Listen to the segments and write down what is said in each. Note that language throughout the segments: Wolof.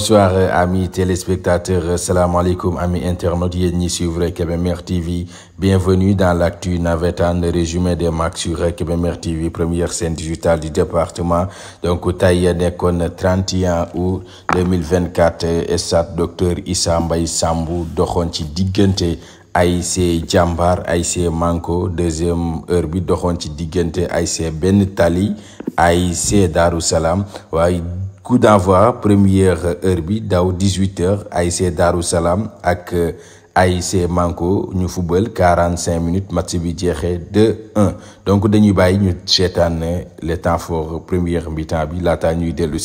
bonsoir amis téléspectateurs salam alaikum, amis internautes TV bienvenue dans l'actu navétane résumé des Max sur Kebemer TV première scène digitale du département donc tey nekkoon 31 août 2024 ça, docteur Issa Mbaye Sambou doxoon ci diggante AIC Manko deuxième heure bi Digente, ci Ben Tali Darou Salam coup d'envoi première heure bi 18 h AIC Darou Salam ak AIC Manko ñu football 45 minutes match bi 2-1 donc dañuy bay ñu sétane le temps fort première mi-temps bi ta ñuy dellu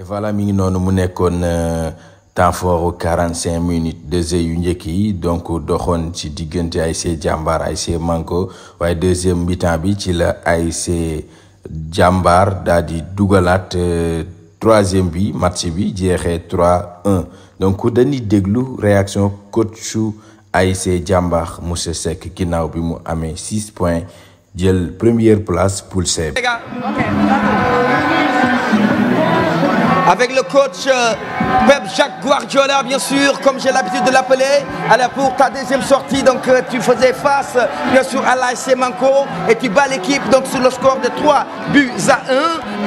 Et voilà, nous avons euh, temps fort aux 45 minutes de Zéunjeki. Donc, Dohon, tu dis que tu as Djambar, Aïsé Manko. Ouais, deuxième bitambi, tu as Aïsé Djambar, Dadi Dougalat, euh, troisième bi, Matsibi, Djéré 3-1. Donc, vous avez déglou réaction coach Aïsé Djambar, Moussé Seck, qui n'a pas eu 6 points, la première place pour le Seb avec le coach Pep euh, Jacques Guardiola, bien sûr, comme j'ai l'habitude de l'appeler. Alors pour ta deuxième sortie, donc euh, tu faisais face, bien sûr, à l'AC Manco et tu bats l'équipe donc sur le score de 3 buts à 1.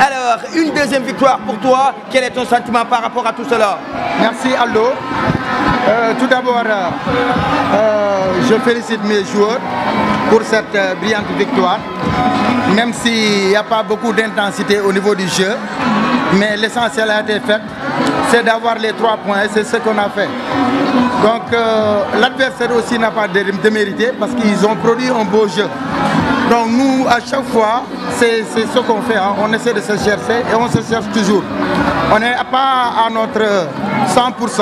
Alors, une deuxième victoire pour toi. Quel est ton sentiment par rapport à tout cela Merci, Allo. Euh, tout d'abord, je félicite mes joueurs pour cette brillante victoire. Même s'il n'y a pas beaucoup d'intensité au niveau du jeu, mais l'essentiel a été fait, c'est d'avoir les trois points et c'est ce qu'on a fait. Donc euh, l'adversaire aussi n'a pas démérité parce qu'ils ont produit un beau jeu. Donc nous, à chaque fois, c'est ce qu'on fait. Hein. On essaie de se chercher et on se cherche toujours. On n'est pas à notre 100%,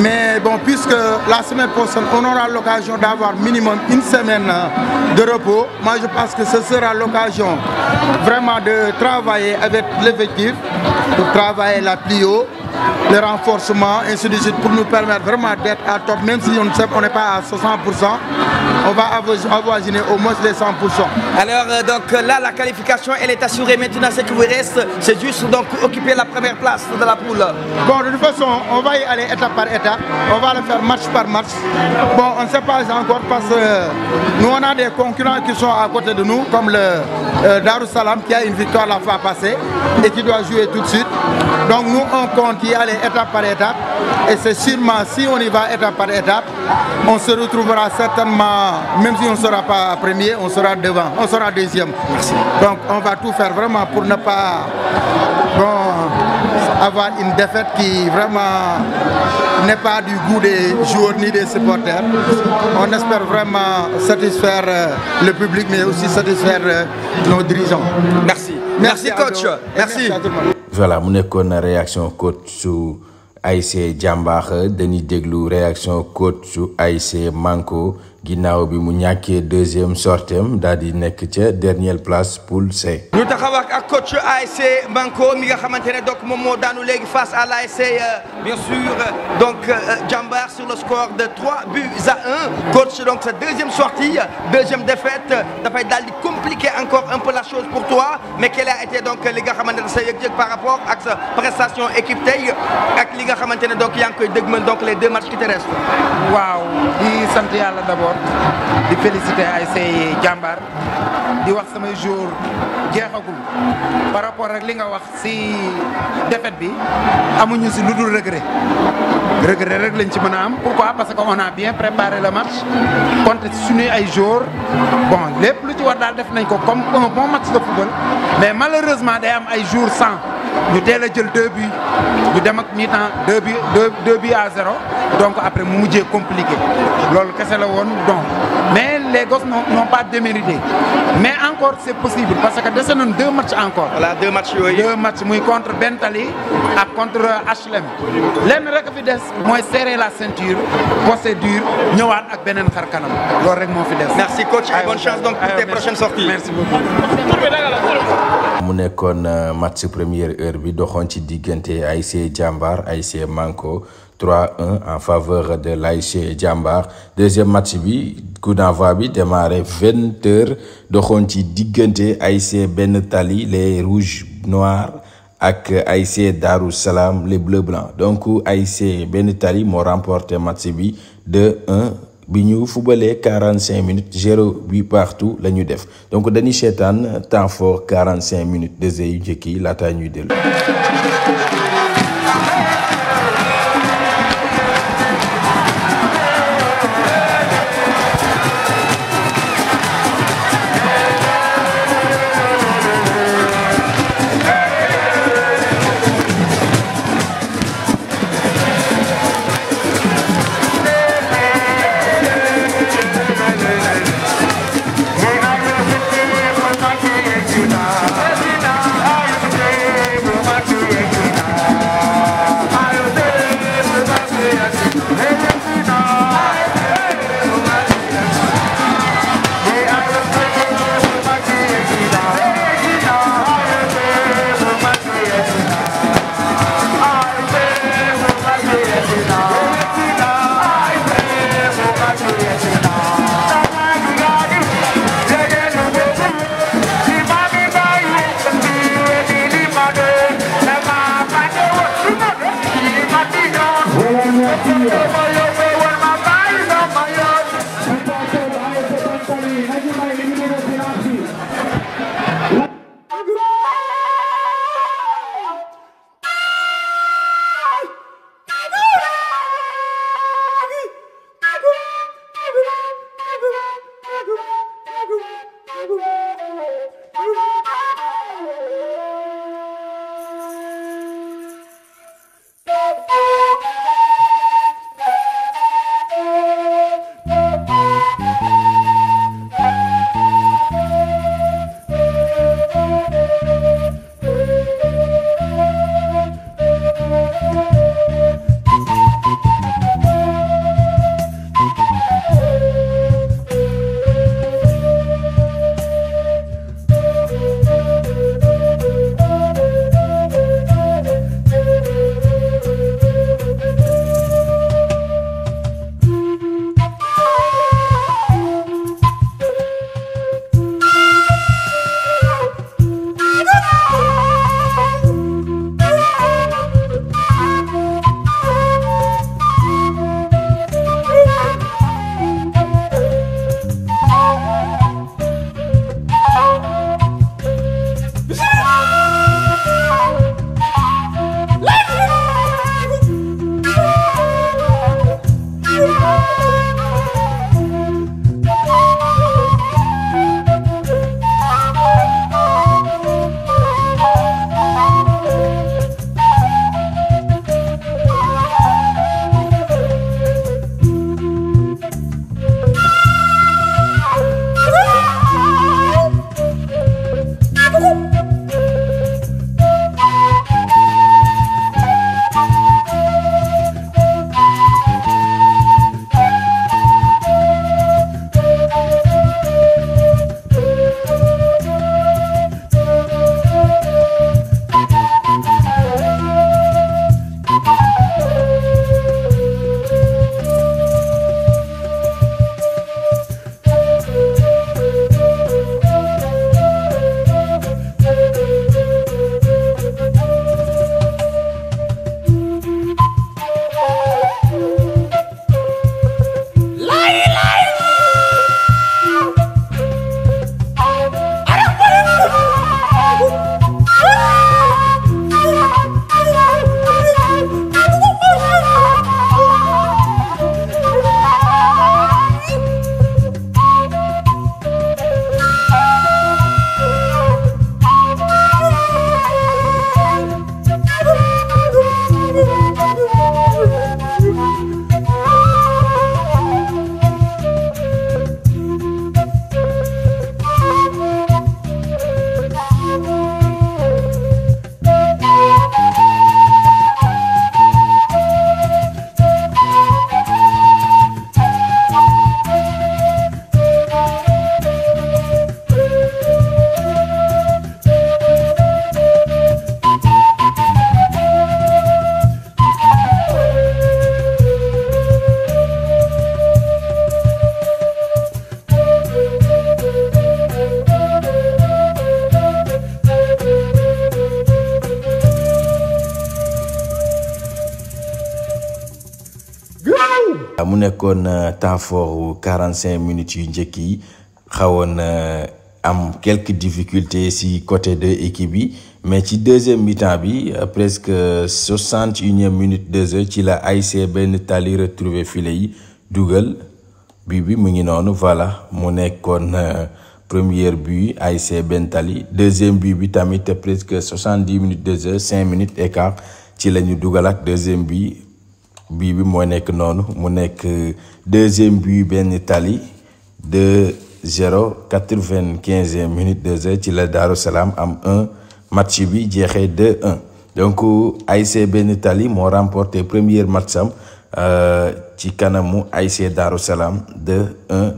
mais bon, puisque la semaine prochaine, on aura l'occasion d'avoir minimum une semaine euh, de repos, moi je pense que ce sera l'occasion vraiment de travailler avec l'effectif, de travailler la plus haut les renforcements, ainsi de suite, pour nous permettre vraiment d'être à top, même si on ne sait n'est pas à 60%, on va avoisiner au moins les 100%. Alors, euh, donc là, la qualification, elle est assurée. Maintenant, ce qui vous reste, c'est juste donc occuper la première place de la poule. Bon, de toute façon, on va y aller étape par étape. On va le faire match par match. Bon, on ne sait pas encore parce que nous, on a des concurrents qui sont à côté de nous, comme le euh, Darussalam qui a une victoire la fois passée et qui doit jouer tout de suite. Donc, nous, on compte qui allait étape par étape. Et c'est sûrement, si on y va étape par étape, on se retrouvera certainement, même si on ne sera pas premier, on sera devant, on sera deuxième. Donc on va tout faire vraiment pour ne pas avoir une défaite qui vraiment n'est pas du goût des joueurs ni des supporters. On espère vraiment satisfaire euh, le public, mais aussi satisfaire euh, nos dirigeants. Merci merci coach merci voilà mon une réaction coach sur ASC Jàmbaax Denis Deglou, réaction coach sur Manco. Manko ginnaw bi mu ñaké deuxième sortem dadi dernière place poule C. Nous taxaw ak coach ASC Banco, mi nga xamante donc mom mo daanu légui face à l'ASC euh, bien sûr euh, donc euh, Jambar sur le score de 3 buts à 1 coach donc sa deuxième sortie deuxième défaite D'après fay daldi compliquer encore un peu la chose pour toi mais quelle a été donc li nga xamante sa par rapport à sa prestation équipe tay ak li nga xamante donc yang koy deugmal donc les deux matchs qui te restent. waaw di sant yàlla d'abord sport di féliciter ay Jambar di wax sama jour jeexagul par rapport à li nga wax si défaite bi amuñu ci luddul regret regret rek lañ ci am pourquoi parce que on a bien préparé le match contre suñuy ay jour bon les lu ci war dal def nañ ko comme un bon match de football mais malheureusement day am ay jour sans nous avons deux buts nous avons deux buts à zéro donc après nous avons compliqué donc mais les gosses n'ont pas démérité. Mais encore, c'est possible parce que nous avons deux matchs encore. Voilà, deux matchs, oui. Deux matchs, contre Bentali et contre HLM. L'aimerait que Fides, moi, serrer la ceinture, procédure, nous avons avec Benen Kharkanam. Merci, coach. Et bonne chance donc pour tes prochaines sorties. Merci beaucoup. mu un euh, match première heure bi doxoon ci diggante ASC Jambar, ASC Manko 3-1 en faveur de l'AIC Jambar deuxième match bi coup d'envoi bi démarré 20h. Donc ci diggante AIC Benn Tali les rouges noirs ak AIC Darou Salam les bleu blancs donc AIC Benetali Tali moo remporté match bi 2-1 bi footballer 45 minutes 0 8 partout la def donc Denis Chetan, temps fort 45 minutes deuxième yu la la laataa ñuy Thank you, Ah, mu nekkoon euh, temps fort wu 45 minutes yu njëkk yi xawoon euh, am quelques difficultés si côté de équipe bi mais ci deuxième mi-temps bi euh, presque 61 minutes minute deux heures ci la ASC Benn Tali retrouvé filet yi dugal bi bi mu ngi noonu voilà mu nekkoon première but ASC Benn Tali deuxième but bi tamit presque 70 minutes deux heures cinq minutes écart ci la ñu dugalaat deuxième but bi bi moy nek nek deuxième but ben Italie de 0 95e minute 2h ci la Daru Salam am 1 match bi jexé 2-1 donc AIC ben Italie mo remporté premier match sam euh ci kanamu AIC Daru Salam 2-1 de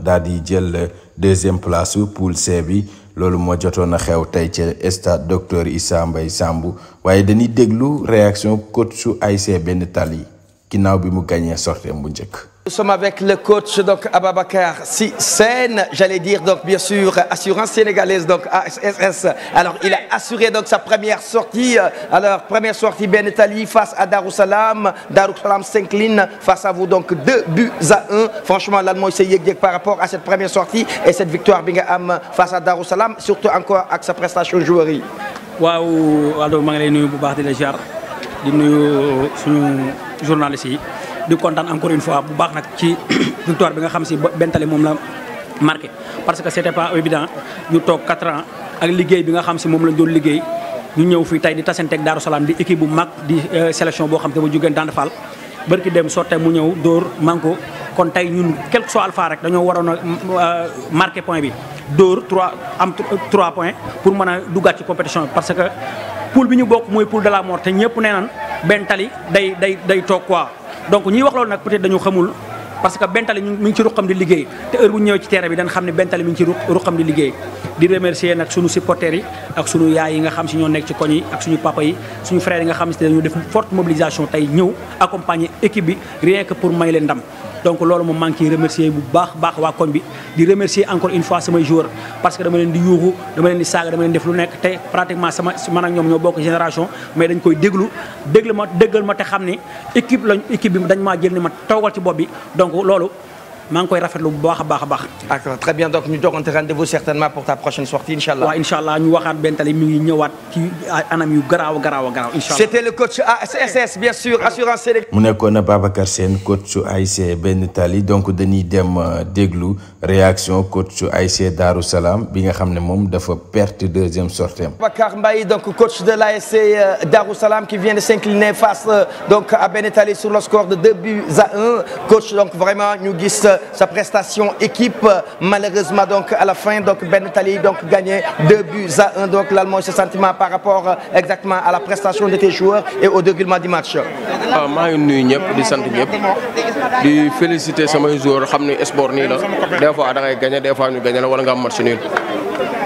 dadi jël deuxième place pour C bi lolu mo jotona xew tay ci stade docteur Issa Mbaye Sambu waye dañi déglu réaction coach AIC ben Italie nous sommes avec le coach donc si Sissène, j'allais dire donc bien sûr Assurance Sénégalaise donc ASS. Alors il a assuré donc sa première sortie. Euh, alors première sortie Ben Itali face à Darussalam, Darussalam s'incline face à vous donc deux buts à un. Franchement l'Allemand s'est par rapport à cette première sortie et cette victoire Bingham face à Darussalam, surtout encore avec sa prestation jouerie. Waouh, alors déjà. di nuyu suñu journaliste yi di contane encore une fois bu baax nak ci victoire bi nga xam ci bentale mom la marqué parce que c'était pas évident ñu tok 4 ans ak liguey bi nga xam ci mom la doon liguey ñu ñew fi tay di tassenté ak darussalam di équipe bu mag di euh, sélection bo xam té mu jógee Dande Fall barki dem soté mu ñew dóor manko kon tay ñun quel que soit alpha rek dañoo warona euh, marqué point bi dóor 3 am 3 euh, points pour mëna a ci compétition parce que pool bi ñu bokk mooy pool de la mort te ñëpp nee nan benn tali day day day toog quoi donc ñiy wax loolu nag peut-être dañu xamul parce que benn tali mi ngi ci ruqam di liggéey te heure bu ñu ñëwee ci terrain bi dañ xam ne benn tali mi ngi ci ruqam di liggéey di remercier nag suñu supporters yi ak suñu yaay yi nga xam si ñoo nekk ci koñ yi ak suñu papa yi suñu frères yi nga xam si dañu def forte mobilisation tey ñëw accompagner équipe bi rien que pour may leen ndam donc loolu moom maa ngi bu baax baax waa koñ bi di remercier encore une fois samay joueurs parce que dama leen di yuuxu dama leen di saaga dama leen def lu nekk te pratiquement sama man a ñoom ñoo bokk génération mais dañ koy déglu déglu ma déggal ma te xam ni équipe lañ équipe bi dañ maa jël ni ma toogal ci bopp bi donc loolu Je très bien donc ñu rendez-vous certainement pour ta prochaine sortie Inshallah. mi ngi c'était le coach ASS bien sûr assurance mu Babacar coach Ben tali donc dem euh, réaction coach ASC Darou Salam bi nga xamné mom dafa perte deuxième sortie Bakar Mbaye donc coach de l'ASC euh, Darou Salam qui vient de s'incliner face euh, donc à Benetali sur le score de 2 buts à 1 coach donc vraiment ñu gis euh, sa prestation équipe malheureusement donc à la fin donc Benetali donc gagné 2 buts à 1 donc l'allemand ce sentiment par rapport exactement à la prestation de tes joueurs et au déroulement du match waaw ma ñu nuyu di sant ñëpp di féliciter samay joueurs xamné ne sport la des fois da ngay gagné des fois ñu gagné la wala nga match nul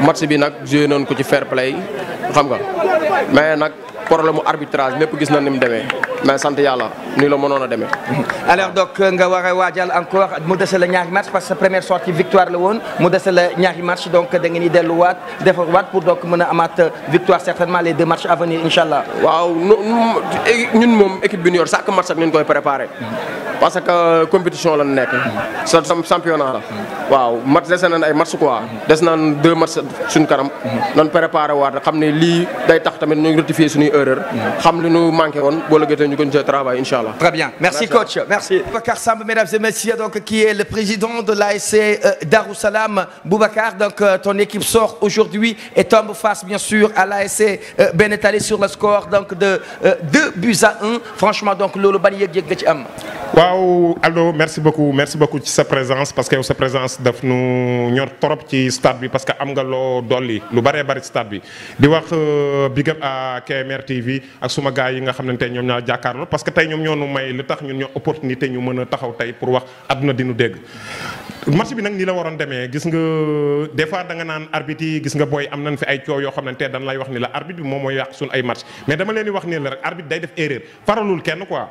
match bi nag joué noonu ko ci fair play xam nga mais nag problème mu arbitrage lépp gis na ni mu demee. mais ben, sant yàlla nii la mënoon a alors donc nga waré a encore mu déssé la ñaari match parce que première sortie victoire la won mu déssé la ñaari match donc da ngeen wat défor wat pour donc mën amate victoire certainement les deux matchs à venir Inshallah. waaw ñun mom équipe bi ñu yor chaque match ak ñu koy préparé. parce que compétition la nekk. sa championnat la. waaw match déssé nañ ay match quoi. des naan deux matchs, suñ karam Non préparé wat xamné li, day tax tamit ñu rectifier suñu erreur. xam li ñu manqué woon boo nous continuons à travailler, Inch'Allah. Très bien. Merci, coach. Merci. Boubacar Sam, mesdames et messieurs, donc, qui est le président de l'ASC euh, Darussalam. Boubacar, donc, euh, ton équipe sort aujourd'hui et tombe face, bien sûr, à l'ASC euh, Benetali sur le score donc, de 2 euh, buts à 1. Franchement, donc, Lolo Baniye Am. Waouh, allô, merci beaucoup, merci beaucoup de sa présence parce que sa présence nous nous ñor trop ci stade bi parce que am nga le dolli lu stade bi di wax à KMR TV ak suma gars yi nga jàkkaarloo parce que tey ñoom ñoo nu may li tax ñun ñoo opportunité ñu mën a taxaw tey pour wax àdduna di nu dégg. match bi nag nii la waroon demee gis nga des fois naan arbitre yi gis nga booy am nañ fi ay coow yoo xam ne te dañ lay wax ni la arbitre bi moom mooy yàq suñu ay match mais dama leen wax nii la rek arbitre day def erreur faralul kenn quoi.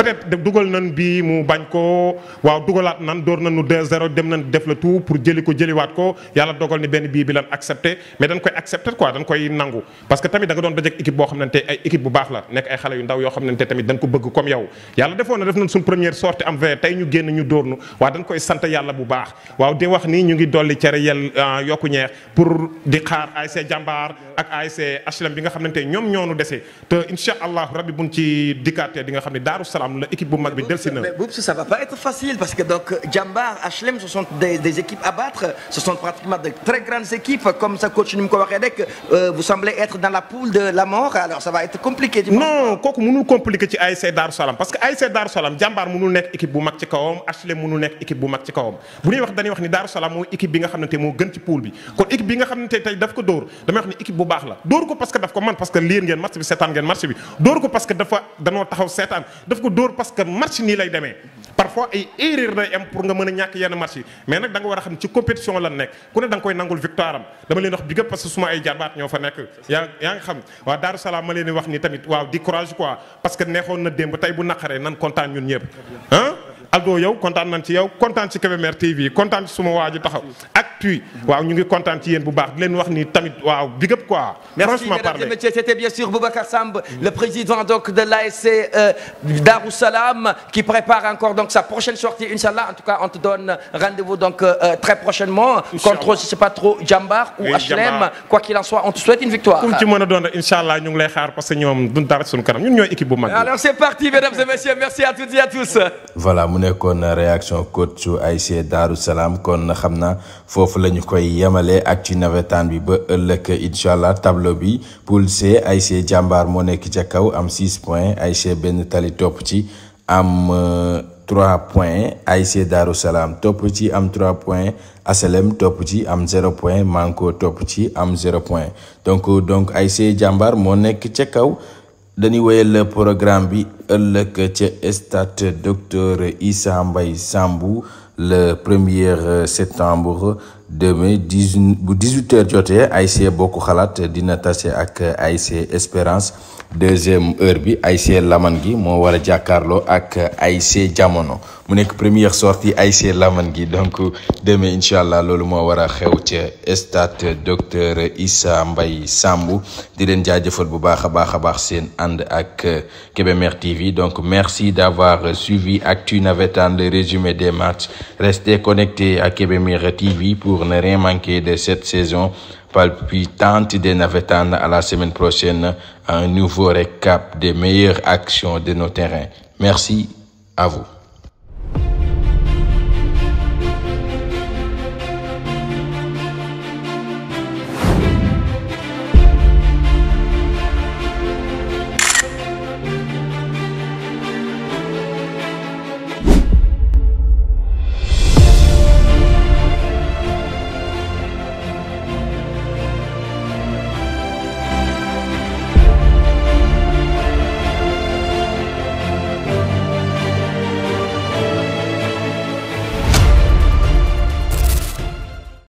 peut-être dugal nan bii mu bañ ko waaw dugalaat nan door nañu 2-0 dem nañ def le tout pour jëli ko jëliwaat ko yàlla dogal ni benn bii bi lan accepté mais dañ koy accepté quoi dañ koy nangu parce que tamit da doon dajek équipe boo xam nante ay équipe la nekk ay xale yu ndaw yoo xam nante tamit dañ ko bëgg comme yow yàlla defoon na def nañ suñ première sortie am vingt tey ñu génn ñu dóornu waaw dañ koy sant yàlla bu baax waaw di wax ni ñu ngi am la équipe bu mag bi na. mais Boubs ça va pas être facile parce que donc Jambar HLM ce sont des des équipes à battre ce sont pratiquement de très grandes équipes comme sa coach ni ko rek euh, vous semblez être dans la poule de la mort alors ça va être compliqué. non kooku nous compliqué ci ASC Darou Salam parce que ASC Dar Salam Jambar mënul nekk équipe bu mag ci kawam HLM mënul nekk équipe bu mag ci kawam bu ñuy wax wax ni Salam mooy équipe bi nga nous moo gën ci poule bi kon équipe bi nga xamante tey daf ko dóor damay wax ni équipe bu baax la ko parce que daf ko man parce que liir marche match bi seetaan ngeen match bi dóor ko parce que dafa danoo taxaw seetaan daf ko dóor parce que match nii lay demee parfois ay erreur day am pour nga mën a ñàkk yenn match mais nag da war a xam ci compétition lan nekk ku ne da koy nangul victoire dama leen wax bi gëpp parce que suma ay jarbaat ñoo fa nekk yaa yaa ngi xam waaw Daaru Salaam ma leen wax ni tamit waaw di courage quoi neexoon na démb tey bu naqaree nan kontaan ñun ñëpp Aldo yow content nan ci yow content ci TV content ci suma taxaw ak ñu ngi ci big up quoi. franchement parler c'était bien sûr le président donc de l'ASC euh, Darou Salam qui prépare encore donc sa prochaine sortie inchallah en tout cas on te donne rendez-vous donc euh, euh, très prochainement. contre je pas trop Jambar ou HLM quoi qu'il en soit on te souhaite une victoire. alors c'est parti mesdames et messieurs merci à toutes et à tous. voilà nekkoon réaction coach su ASC Daaru Salaam kon xam naa foofu la koy yemale ak ci nawetaan bi ba ëllëg inshallah tableau bi poule C ASC jàmbaar moo nekk ca kaw am 6 points ASC benn tali topp ci am 3 euh, points ASC Daaru Salaam topp ci am 3 points aslem topp ci am 0 point Manko topp ci am 0 point donc donc ASC jàmbaar moo nekk ca kaw le programme bi ëlëk ci estate docteur Issa Mbay Sambou le 1er septembre 2018 18h jotté IC boku xalat dina tassé ak IC Espérance deuxième heure bi ASC Laman gi mo wara jakarlo ak Jamono mu première sortie Aïsé Laman donc demain, inshallah, lolou mo wara Estat xew docteur Issa Mbaye Sambou. di len jaajëfal bu baax a bax sen and ak TV donc merci d'avoir suivi Actu Navetan, le résumé des matchs restez connectés à KBMR TV pour ne rien manquer de cette saison palpitante de Navetan à la semaine prochaine un nouveau récap des meilleures actions de nos terrains. Merci à vous.